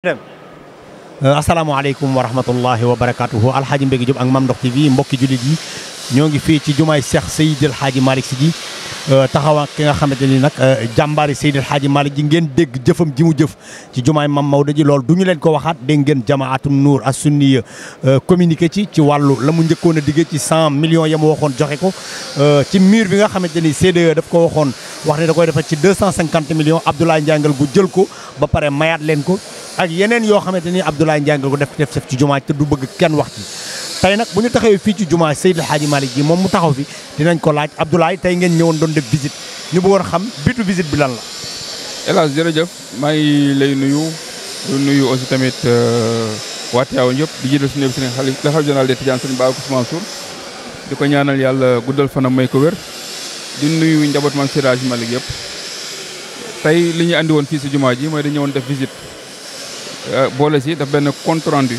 Euh, asalaamaaleykum wa rahmatullahi wa barakaatuhu alxaaji Mbégi Jóob ak Mame Ndokh TV mbokki jullit yi ñoo ngi fii ci jumaay Seex Seydil Xaaji Malick Si ji Euh, taxawaat ki nga xamante ni nag euh, jàmbaari Seydil Hadji Malick ji ngeen dégg jëfam ji mu jëf ci jumaay Mam Maodo ji loolu du ñu leen ko waxaat dégg ngeen jamaatun nuur as sunniya euh, communiqué ci ci wàllu la mu njëkkoon a diggee ci cent millions ya mu waxoon joxe ko ci miir bi nga xamante ni CDE daf ko waxoon wax ne da koy defar ci deux cent cinquante millions Abdoulaye Ndiangal gu jël ko ba pare mayaat leen ko ak yeneen yoo xamante ni Abdoulaye Ndiangal gu def def ci jumaa te du bëgg kenn wax tey nag bu ñu taxawee fii ci jumaa Seydil Hadji Malick gi moom mu taxaw fi dinañ ko laaj Abdoulaye tey ngeen ñëwoon doon def visite ñu bëggoon xam bitu visite bi lan la. hélas jërëjëf maa ngi lay nuyu lu nuyu aussi tamit euh, waa Tiwaawan yëpp di jiital suñu yëpp sëriñ xalif la xalif général des Tidianes sëriñ Babacar Sy Mansour di ko ñaanal yàlla guddal fanam may ko wér di nuyu njaboot maam Seydil Hadji yëpp tey li ñuy andi woon fii si jumaa ji mooy dañu ñëwoon def visite euh, boole si daf benn compte rendu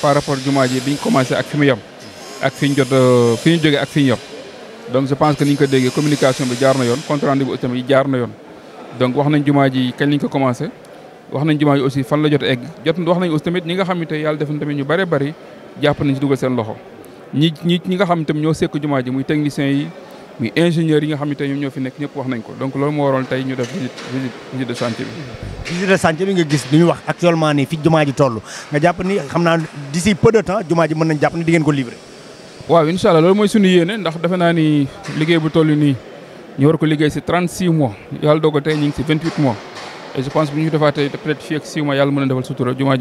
par rapport jumaa ji bi ñu commencé ak fi mu yem ak fi ñu jot euh, fi ñu jógee ak fi ñu donc je pense que ni ko déggee communication bi jaar na yoon compte rendu bi aussi jaar na yoon donc wax nañ jumaa ji kañ lañ ko commencé wax nañ jumaa ji aussi fan la jot egg jot wax nañ aussi tamit ñi nga xam ne tey yàlla def na tamit ñu bëree bëri jàpp nañ ci dugal seen loxo ñi ñi ñi nga xam ne tamit ñoo sekk jumaa ji muy techniciens yi muy ingénieurs yi nga xam ne ñoo fi nekk ñëpp wax nañ ko donc loolu moo waroon tey ñu def visite visite visite de chantier bi. visite de chantier bi nga gis li ñu wax actuellement nii fi jumaa ji toll nga jàpp ni xam naa d'ici peu de ji mën nañ jàpp ni di ko livrer. waaw incha allah loolu mooy suñu yéene ndax defe naa ni liggéey bu toll nii ñu war ko liggéey si 36 mois yàlla dogal tey ñu ngi si 28 mois et je pense bu ñu defaatee peut être fii ak 6 mois yàlla mën na defal sutura jumaa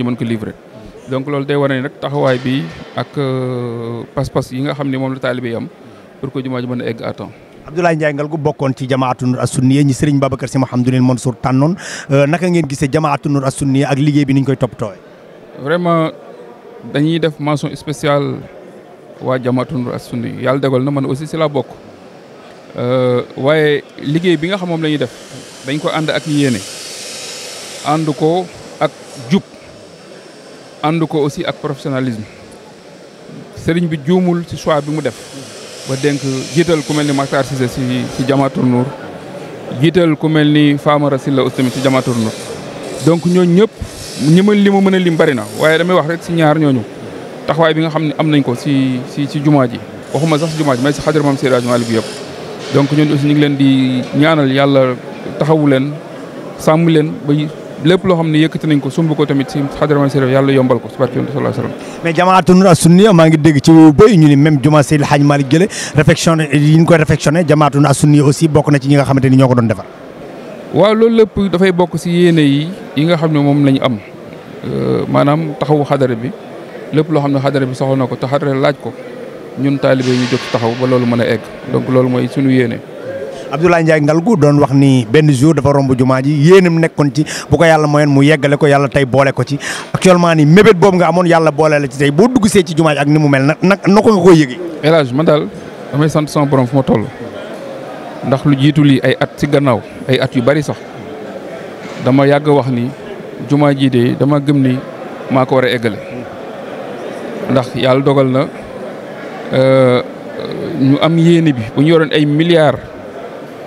loolu day wane ni nag taxawaay bi ak euh, pas-pas yi nga xam ne moom la taalibe yi am pour que jumaa a egg à temps. Abdoulaye Ndiaye Ngalgou bokkoon ci jamaatu Nour As-Sunniya ñi Serigne Babacar Sy Mouhamadoul Mansour tànnoon euh, naka ngeen gisee jamaatu Nour As-Sunniya ak liggéey bi ni ñu koy toppatooyee. vraiment dañuy def mention spéciale waa jamaatu As-Sunniya yàlla dogal na man aussi si laa bokk euh, waaye liggéey bi nga xam moom la def dañ ko ànd ak yéene ànd ko ak jub ànd ko aussi ak professionnalisme Serigne bi juumul ci choix bi mu def. ba dénk jiital ku mel ni Makhtar Cissé si si Jamaatul Nuur jiital ku ni faamara Sylla aussi tamit si Jamaatul Nuur donc ñooñu ñëpp ñi ma li ma mën a lim bari na waaye damay wax rek si ñaar ñooñu taxawaay bi nga xam ne am nañ ko si si si jumaa ji waxuma sax si jumaa ji mais si xajar maam Seydi Hadji Malick bi yëpp ñooñu aussi ñu leen di ñaanal yàlla taxawu leen lépp loo xam ne yëkkati nañ ko sumb ko tamit si xadara Maam Seex yàlla yombal ko si barke Yonent sallallahu alayhi wasallam mais jamaatu nur as-sunniya maa ngi dégg ci bëy ñu ni même juma Seydi El Hadji Malick Guèye réflexion yi ko waaw loolu lépp dafay bokk si yéene yi nga xam ne moom lañu am euh, maanaam taxawu xadara bi lépp loo xam ne xadara bi soxla na ko te xadara laaj ko ñun taalibe ñu jóg taxaw ba loolu mën a egg donc loolu mooy suñu yéene Abdoulaye Ndiaye Ngalgou doon wax nii benn jour dafa romb jumaa ji mu nekkoon ci bu ko yàlla moyoon mu yeggale ko yàlla tey boole ko ci actuellement nii mébét boobu nga amoon yàlla boole la ci tey boo dugg see ci jumaa ji ak ni mu mel na nag noo ko nga koy yëgee. El Hadj daal damay sant sama borom fu ma toll ndax lu jiitu li ay at ci gannaaw ay at yu bari sax dama yàgg wax ni jumaa jii de dama gëm ni maa ko war a eggale ndax yàlla dogal na euh, ñu am yéene bi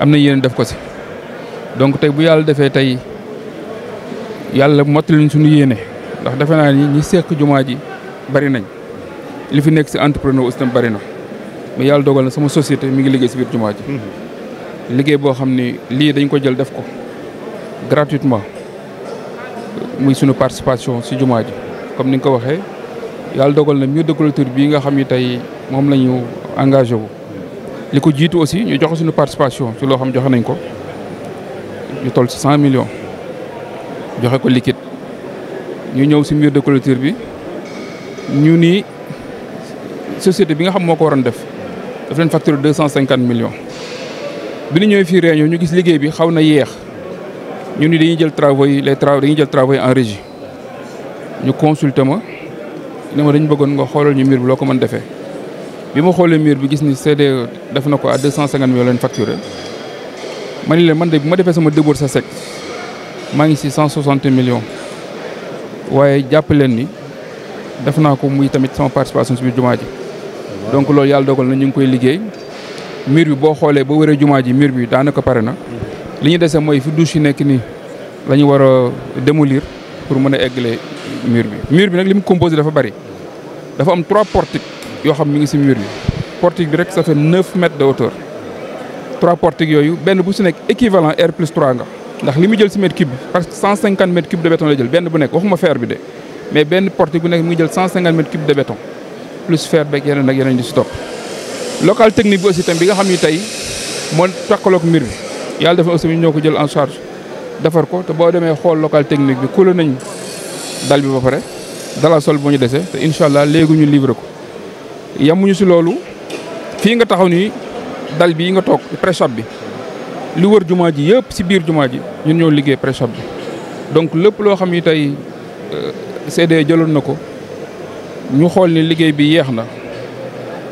am na yéen def ko si donc tey bu yàlla defee tey yàlla mottaliñ suñu yéene ndax defe naa ni ñi seq jumaa ji bari nañ li fi nekk si entrepreneur aussi bari na mais yàlla dogal na sama société mi ngi liggéey si biir jumaa ji mhm. liggéey boo xam ni lii dañ ko jël def ko gratuitement muy suñu participation si jumaa ji comme ni nga ko waxee yàlla dogal na mieux de clôture bii nga xam ni tey moom la ñu engagé wu li ko jiitu aussi ñu joxe suñu participation ci loo xam joxe nañ ko ñu toll ci cent millions joxe ko liquide ñu ñëw si mur de clôture bi ñu nii société bi nga xam moo ko waroon def daf leen facture deux cent cinquante millions bi nu ñëwee fii réunion ñu gis liggéey bi xaw na yéex ñu ni dañuy jël travaux yi les travaux dañuy jël travaux yi en régie ñu consulté ma ne ma dañu bëggoon nga xoolal ñu miir bi loo ko mën defee bi ma xoolee mur bi gis ni CDE def na ko à 250 millions ma ni leen man de bu ma defee sama sa sec maa ngi si 160 millions waaye jàpp leen ni def naa ko muy tamit sama participation si biir jumaa ji. donc loolu yàlla dogal na ñu ngi koy liggéey miir bi boo xoolee ba wëree jumaa ji miir bi daanaka pare na. li ñu dese mooy fu douche yi nekk nii la war a démolir pour mën a eggale miir bi. miir bi nag li mu composé dafa bari dafa am trois portiques. yoo xam ñu ngi si mur bi portique bi rek ça fait neuf mètres de hauteur trois portiques yooyu benn bu si nekk équivalent R plus 3 nga ndax li mu jël si mètre cube parce que cent cinquante mètres cube de béton la benn bu nekk waxuma fer bi de mais benn portique bu nekk mu ngi jël cent cinquante mètres cube de béton plus fer beeg yeneen ak yeneen di si topp. local technique bi aussi tam bi nga xam ni tey moo takkaloog mbir bi yàlla dafa aussi ñoo ko jël en charge defar ko te boo demee xool local technique bi kuule nañ dal bi ba pare dalal sol bu ñu dese incha allah léegi ñu livré ko. yamuñu si loolu fii nga taxaw nii dal bii nga toog pré-choc bi lu wër jumaa ji yëpp si biir jumaa ji ñun ñoo liggéey pré-choc bi donc lépp loo xam ni tey euh, CD jëloon na ko ñu xool ni liggéey bi yeex na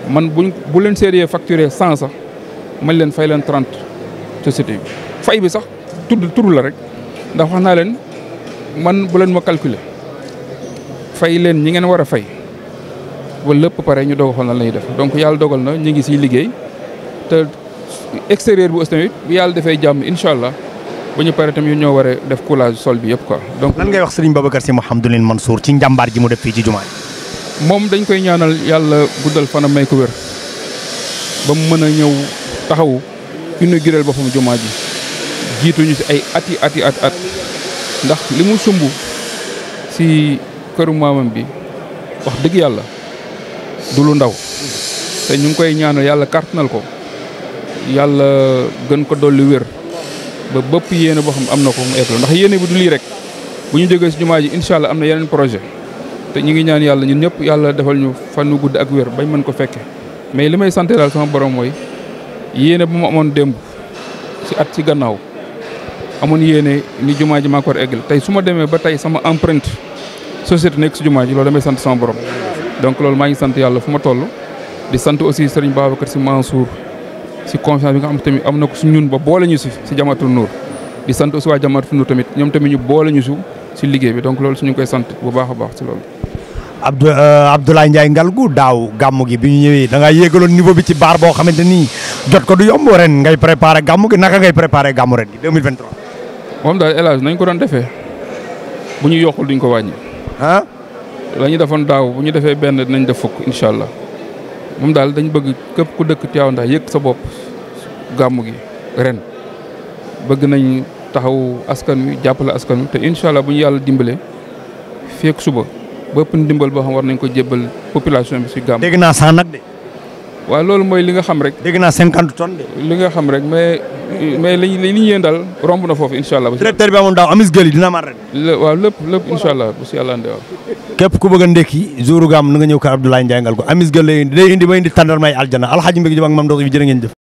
man buñ bu leen CD facturé cent sax man leen fay leen trente société bi fay bi sax tudd tur la rek ndax wax naa leen man bu leen ma calculer fay leen ñi ngeen war a fay ba lépp pare ñu doog a xool la ñuy def donc yàlla dogal na ñu ngi siy liggéey te extérieur bu aussi tamit bu yàlla defee jàmm incha allah bu ñu paree tamit ñoo war def coulage sol bi yëpp quoi. donc lan ngay wax Serigne Babacar Sy Mouhamadou Lamine Mansour ci njàmbaar ji mu def fii ci jumaa moom dañu koy ñaanal yàlla guddal fanam may ko wér ba mu mën a ñëw taxaw inaugurer boppam jumaa ji jiituñu si ay at yi at yi at at ndax li mu sumb si këru maamam dëgg yàlla. du lu ndaw te ñu ngi koy ñaanal yàlla kàttanal ko yàlla gën ko dolli wér ba bëpp yéene boo xam am na ko mu eggale ndax yéene bu du lii rek bu ñu jógee si jumaa ji incha allah am na yeneen projet te ñu ngi ñaan yàlla ñun ñëpp yàlla defal ñu fan wu gudd ak wér bañ mën ko fekke mais li may sant daal sama borom mooy yéene bu ma amoon demb si at si gannaaw amoon yéene ni jumaa ji maa ko war tey su ma demee ba tey sama empreinte société nekk si jumaa ji loolu damay sant sama borom. donc loolu maa ngi sant yàlla fu ma toll di sant aussi Serigne Babacar Sy Mansour si confiance bi nga xam tamit am na ko su ñun ba boole ñu si si Jamaatul Nuur di sant aussi waa Jamaatul Nuur tamit ñoom tamit ñu boole ñu su si liggéey bi donc loolu suñu koy sant bu baax a baax si loolu. Abdou euh, Abdoulaye ngal gu daaw gàmm gi bi ñu ñëwee da ngaa yéegaloon bi ci baar boo xamante ni jot ko du yomb ren ngay préparé gàmm gi naka ngay préparé gàmm ren gi 2023. moom daal El Hadj nañ ko doon defee bu ñu yokkul duñ ko wàññi. la ñu defoon daaw bu ñu defee benn dinañ def fukk incha allah moom daal dañu bëgg képp ku dëkk Tivaouane ndax yëg sa bopp gàmmu gi ren bëgg nañ taxaw askan wi jàppale askan wi te incha allah bu ñu yàlla dimbale fii ak suba bépp dimbal boo xam war nañ ko jébbal population bi si gàmm. dégg naa sax nag de. waaw loolu mooy li nga xam rek. dégg naa cinquante tonnes de. li nga xam rek mais mais li ñu li daal romb na foofu incha allah. tracteur bi amoon daaw amis gël yi dina amaat ren. waaw lépp lépp incha allah bu si yàlla andee waaw. képp ku bëgg a ndekki jouru gàmm na nga ñëw kër Abdoulaye Ndiaye ngal ko amis gël day indi ba indi tàndarmay aljana alxaaji mbégi jëm ak mam dox bi jërë ngeen jëf